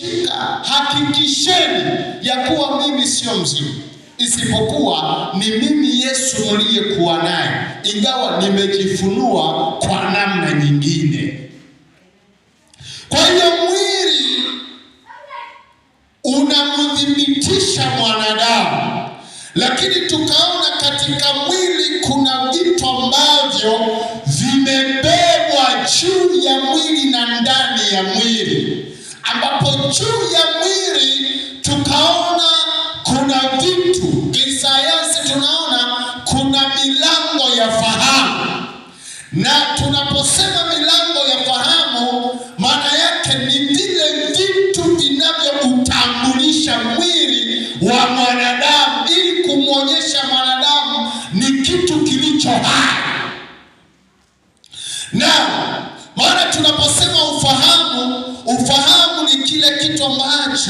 Shika, hakikisheni ya kuwa mimi sio mzimu, isipokuwa ni mimi Yesu mliyekuwa naye, ingawa nimejifunua kwa namna nyingine. Kwa hiyo mwili unamthibitisha mwanadamu, lakini tukaona katika mwili kuna vitu ambavyo vimebebwa juu ya mwili na ndani ya mwili ambapo juu ya mwili tukaona kuna vitu kisayansi, tunaona kuna milango ya fahamu, na tunaposema milango ya fahamu, maana yake ni vile vitu vinavyoutambulisha mwili wa mwanadamu ili kumwonyesha mwanadamu ni kitu kilicho hai, na maana tunaposema ufahamu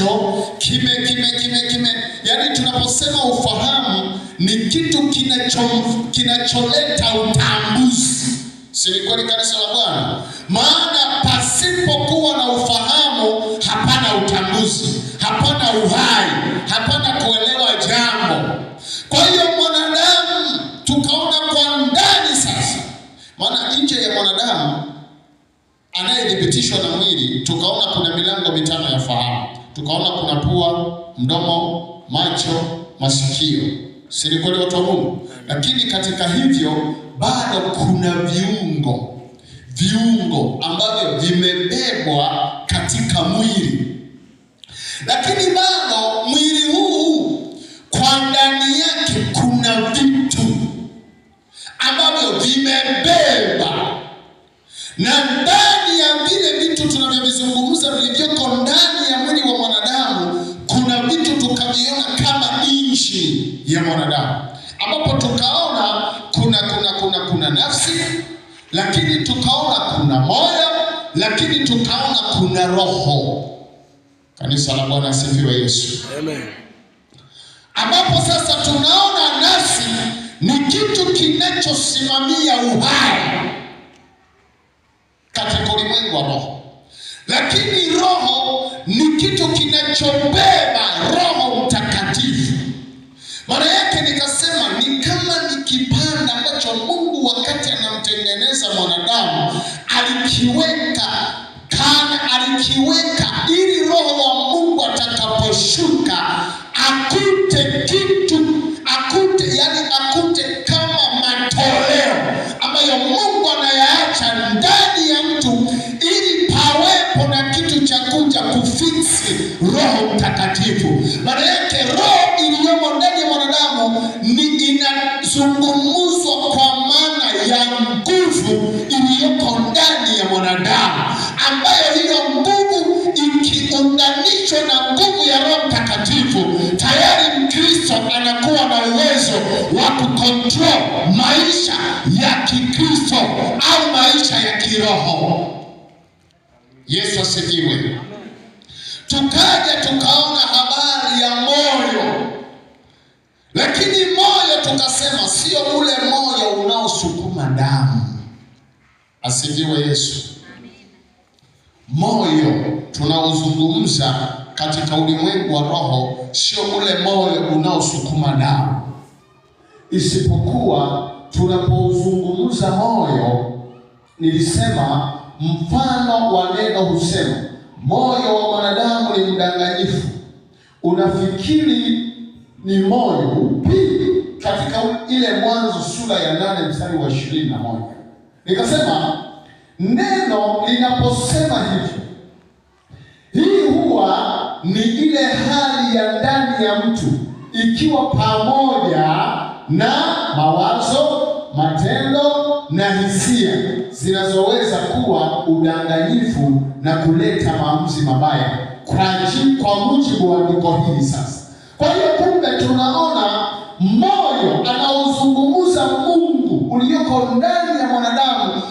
ambacho kime kime kime kime, yaani tunaposema ufahamu ni kitu kinacholeta utambuzi. Si kweli kanisa la Bwana? Maana pasipokuwa na ufahamu hapana utambuzi, hapana uhai, hapana kuelewa jambo. Kwa hiyo mwanadamu tukaona kwa ndani sasa, maana nje ya mwanadamu anayethibitishwa na mwili, tukaona kuna milango mitano ya fahamu tukaona kuna pua, mdomo, macho, masikio. Si ni kweli watu wa Mungu? Lakini katika hivyo bado kuna viungo, viungo ambavyo vimebebwa katika mwili, lakini bado mwili huu kwa ndani yake kuna vitu ambavyo vimebebwa ya mwanadamu, ambapo tukaona kuna kuna kuna kuna nafsi, lakini tukaona kuna moyo, lakini tukaona kuna roho. Kanisa la Bwana asifiwe Yesu, amen. Ambapo sasa tunaona nafsi ni kitu kinachosimamia uhai katika ulimwengu wa roho, lakini roho ni kitu kinachobeba wakati anamtengeneza mwanadamu alikiweka kana, alikiweka ili roho wa Mungu atakaposhuka akute kitu akute, yani akute kama matoleo ambayo Mungu anayaacha ndani ya mtu ili pawepo na kitu cha kuja kufiksi Roho Mtakatifu. Maana yake roho iliyomo ndani ya mwanadamu ni inazungumzwa kwa ya nguvu iliyoko ndani ya mwanadamu, ambayo hiyo nguvu ikiunganishwa na nguvu ya Roho Mtakatifu, tayari Mkristo anakuwa na uwezo wa kukontrol maisha ya Kikristo au maisha ya kiroho. Yesu asifiwe. Tukaja tukaona habari ya moyo, lakini moyo tukasema sio ule moyo unaosukuma damu. Asifiwe Yesu. Moyo tunaozungumza katika ulimwengu wa roho sio ule moyo unaosukuma damu, isipokuwa tunapozungumza moyo, nilisema mfano wa neno husema moyo wa mwanadamu ni mdanganyifu. Unafikiri ni moyo upi? katika ile Mwanzo sura ya nane mstari wa ishirini na moja nikasema neno linaposema hivyo, hii huwa ni ile hali ya ndani ya mtu ikiwa pamoja na mawazo, matendo na hisia zinazoweza kuwa udanganyifu na kuleta maamuzi mabaya kwa mujibu wa andiko hili. Sasa kwa hiyo, kumbe tunaona moyo anaozungumza Mungu ulioko ndani ya mwanadamu